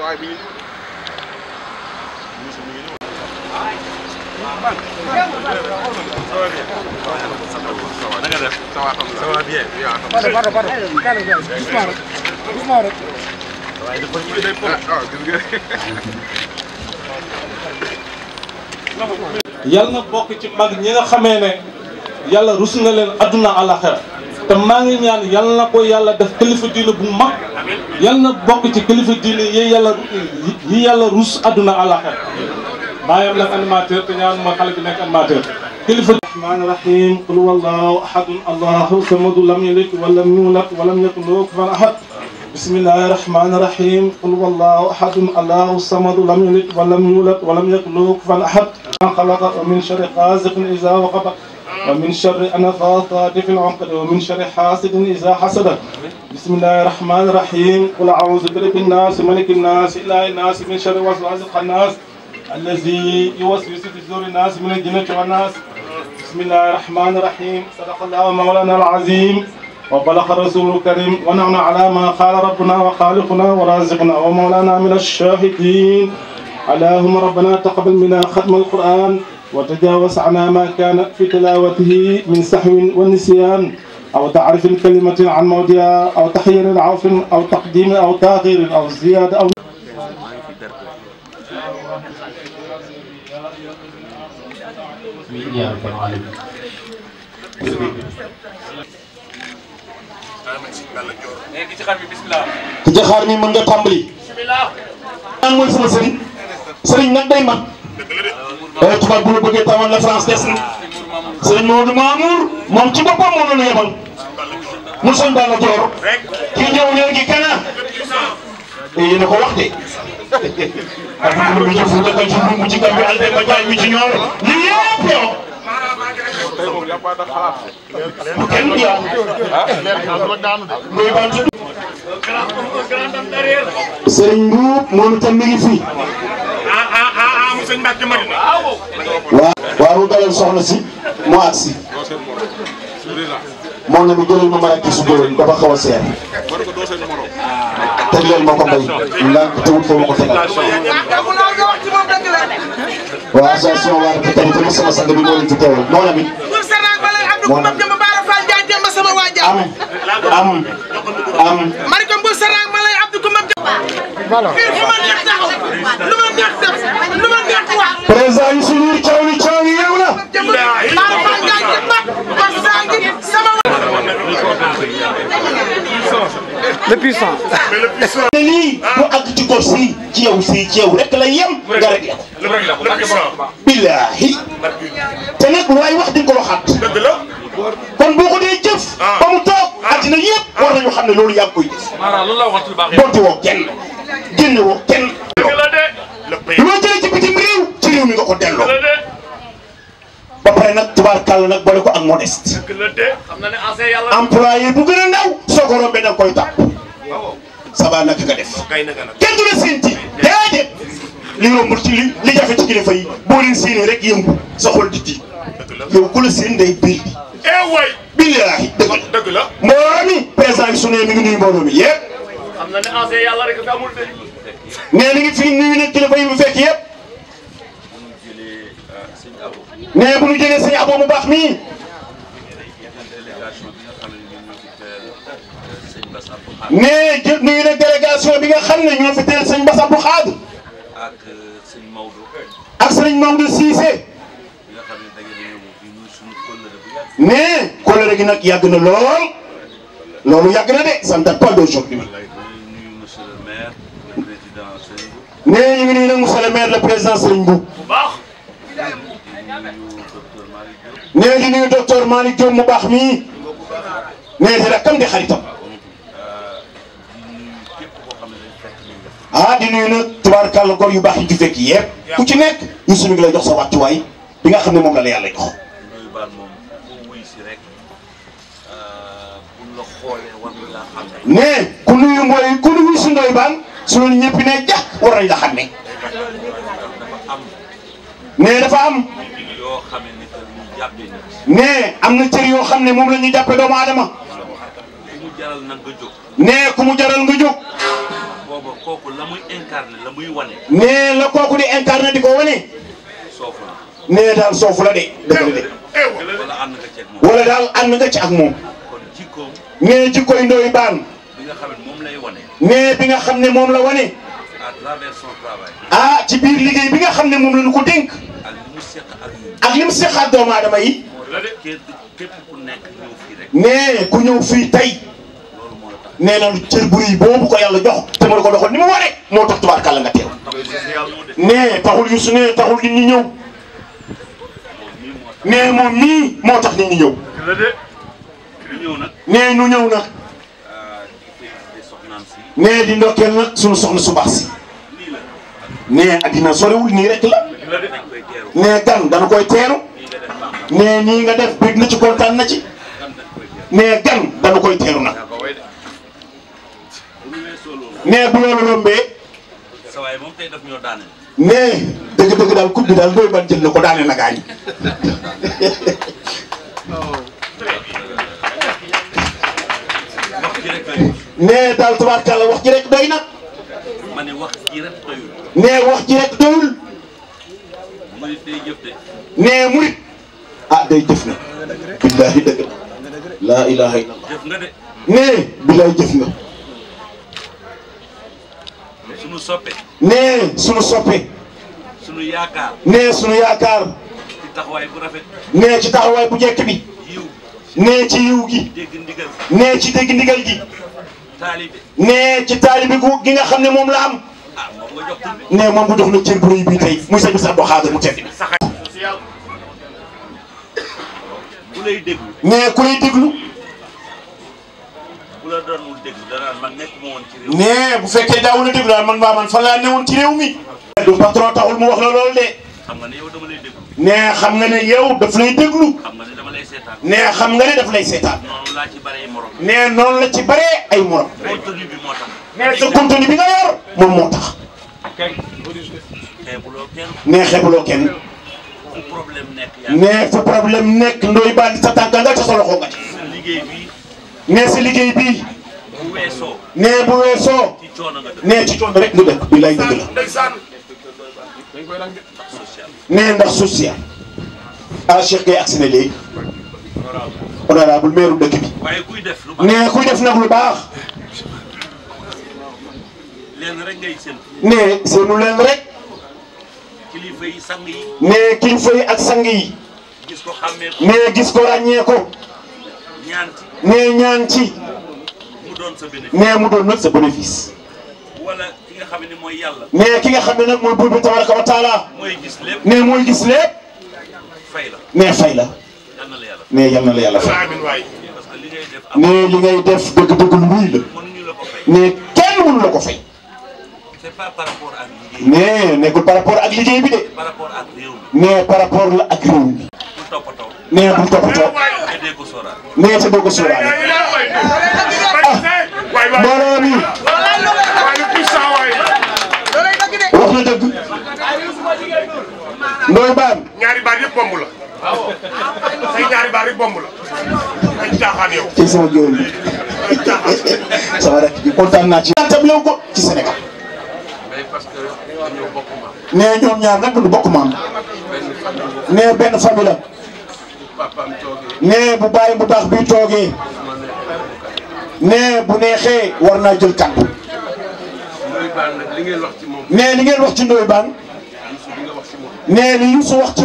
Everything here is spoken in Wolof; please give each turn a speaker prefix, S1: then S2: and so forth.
S1: waaye mi ngi yal na bokk ci mag ñi nga xamee ne yàlla rus nga leen adduna àlaxira te maa ngi ñaan yal na ko yàlla def kilifa diine bu mag yal na bokk ci kilifa diine yi yàlla yi yàlla ruus àdduna àllaxer bàyyam nag animateur te ñaan ma xale bi nekk animateur kilifa rahmaan rahim qul wallahu ahadun allahu samadu lam yalid walam yulad walam yakun lahu kufuwan ahad bismillahi rahmani rahim qul wallahu ahadun allahu samadu lam yalid walam yulad walam yakun lahu kufuwan ahad ma xalaqa min sharri qaziqin iza waqaba ومن شر النفاثات في العقد ومن شر حاسد إذا حسد بسم الله الرحمن الرحيم قل أعوذ برب الناس ملك الناس إله الناس من شر وسواس الخناس الذي يوسوس في صدور الناس من الجنة والناس بسم الله الرحمن الرحيم صدق الله مولانا العظيم وبلغ الرسول الكريم ونعم على ما قال ربنا وخالقنا ورازقنا ومولانا من الشاهدين اللهم ربنا تقبل منا ختم القرآن وتجاوز عنا ما كان في تلاوته من سحو ونسيان أو تعرف الكلمة عن موضعها أو تحير عوف أو تقديم أو تاخير أو زيادة أو يا رب العالمين ci xaar mi mën nga tàmbali waaye tubaab bu la bëggee tawal la France des na sëñ Maodo Mamour moom ci boppam moo doon yebal mu soñ Balla Dior kii ñëw léegi kana yéen a ko wax de ak mu ngi jëf da koy ci dugg ci kàmb Albert Badiane mi ci ñoor li yëpp yow bu kenn di yaatu muy bant sëñ Mbuub moom itam mi ngi fi waaw waaw mu dalal soxna si mu àgg si moom la ñu jëlal ma maraki su góor dafa xaw a seer tegleel ma ko mbay ndànk te wut fa ma ko tegal waaw association waa rek tamit tamit sama sang bi moo leen ci teewal moo la mi moo la am am am marikam bu sarang ma lay abdou kumam jaba fir fu ma neex taxaw lu ma neex def président Youssou Ndour coow li coow li yeewu na. le puissant. mais lii bu àgg ci góor si ci yow si ci yow rek la yem. nga rek la ko. billaahi. te nag lu waay wax di nga ko waxaat. dëgg la. kon boo ko dee jëf. Ah. ba mu toog àddina yëpp war nañu xam ne loolu yaa ngi koy def. donte woo kenn génne woo kenn. modeste. employé bu gën a ndaw soo ko rombee da nga koy tàpp. sabaa ah naka nga def kenn du la séenti déedéet li rombul ci li li jafe ci kilifa yi boo leen séenee rek yëngu sa xol di tiit yow ku la séen day biir bi. eh waay billaahi dëgg la mbooloo mi président bi su nee mi ngi nuyu mbooloo mi yëpp. xam na ne ancien yàlla rek nga amul de. nee mi ngi fi nuyu na kilifa yi bu fekk yëpp. Euh, nee bu ñu jëlee sëñ Abo bu baax mii.
S2: nee jël nuyu délégation bi nga xam ne ñoo fi teel sëñ Bass Abdou
S1: Khadre. ak euh, sëñ Maodo. ak sëñ Maodo Cissé. mais kóllëre gi nag yàgg na lool loolu yàgg na de ça ne date nee ñu ngi nuyu nag monsieur le maire le président Serigne Mboup. nee di nuyu docteur Malick Diop mu baax mii. nee di rakkam ah di nuyu nag tubaarkàlla gor yu baax yi ci fekk yépp ku ci nekk ñu suñu ngi lay jox sa wàccuwaay bi nga xam ne moom la la yàlla jox. Euh, ne ku nuyu mbooy ku nuyu si ndoy baan suñu ñëpp ne jàkk war nañ la xam ne. ne dafa am. ne am na cër yoo xam ne moom la ñuy jàppee doomu aadama. ne ku mu jaral nga jóg. booba kooku la muy incarné la muy wane. nee la kooku di incarné di ko wane. soofu la. nee daal soofu la de. dëgg de wala ànd nga ci ak moom. wala daal ànd nga ci ak moom. kon jikkoom. nee jikkooy ndoy baan. bi nga xam ne moom lay wane. nee bi nga xam ne moom la wane. à travers son travail. ah ci biir liggéey bi nga xam ne moom la ñu ko dénk. ak li mu seq ak ñoom. ak li doomu aadama yi. nekk ñëw fii nee ku ñëw fii tey. nee na cër bu ko yàlla jox te ma ko doxal ni mu waree moo tax tubaarkàlla nga teew nee taxul yusu nee taxul nit ñi ñëw nee moom mii moo tax nit ñi ñëw nee nu di ndokkeel nag suñu soxna su baax si nee addina sorewul nii rek la nee gan dan koy teeru nee nii nga def bëgg na ci na ci gan koy nee bu loolu rombee. sa waay nee dëgg-dëgg daal coupe daal doy ban jël na ko daane na gaañ. nee daal tubaarkàlla wax ji rek doy na. ma ne wax nee wax ji rek doyul. nee murit. ah day jëf na. billaahi dëgg laa ilaaha illallah. nee billaay jëf nga. sunu soppe. nee sunu soppe. sunu yaakaar. nee sunu yaakaar. ci taxawaay bu rafet. nee ci taxawaay bu njëkk bi. yiw. nee ci yiw gi. dégg ndigal. nee ci dégg ndigal gi. taalibe. nee ci taalibe gu gi nga xam ne moom la am. ah moom nga jox tur bi. nee bi muy mu ku lay la doon déglu danaan man nekkuma woon ci réew mi. mais bu fekkee daawu la déglu daal man maa man fan laa newoon ci réew mi. du patron taxul mu wax la loolu de. xam nga ne yow dama lay déglu. mais xam nga ne yow daf lay déglu. xam nga ne dama lay seetaan. mais xam nga ne daf lay seetaan. noonu laa ci baree ay morom. mais noonu la ci baree ay morom. contenu bi moo tax. mais sa contenu bi nga yor moom moo tax. xeebuloo kenn. mais xeebuloo kenn. fu problème nekk yaa mais fu problème nekk ndoy baal sa tànk nga ca sa loxo nga ca. liggéey bi. ne si liggéey bi ne bu weesoo ne ci coono rek nga dëkk bi lay dëgg la ne ndax social ah Cheikh Gueye agsi na léegi honorable meeru dëkk bi ne kuy def na lu baax ne seenu leen rek ne kilifa yi ak sang yi gis ko ràññee ko nee ñaan ci. mu doon sa nee mu doon nag sa bénéfice. wala nga xam ne mooy yàlla. nee ki nga xam ne nag mooy buur bi tabaraka wa taala. mooy gis lépp nee mooy gis lépp. fay la nee fay la. yal na la yàlla nee yal la yàlla fay. nee li ngay def dëgg-dëgg lu wuy la. nee kenn mënu la ko fay. c'est pas par rapport ak liggéey. nee nekkul par rapport ak liggéey bi de. nee par la ak réew mi. nee bul toppatoo nee te doo ko sóoraale ah la. say ci sama góor bi. kontaan naa ci. kontaan ci Sénégal. nee ñoom ñaar nag du bokk maam. nee benn famille nee bu bàyyi bu baax bi toogee nee bu neexee war naa jël kàddu li ngeen wax ci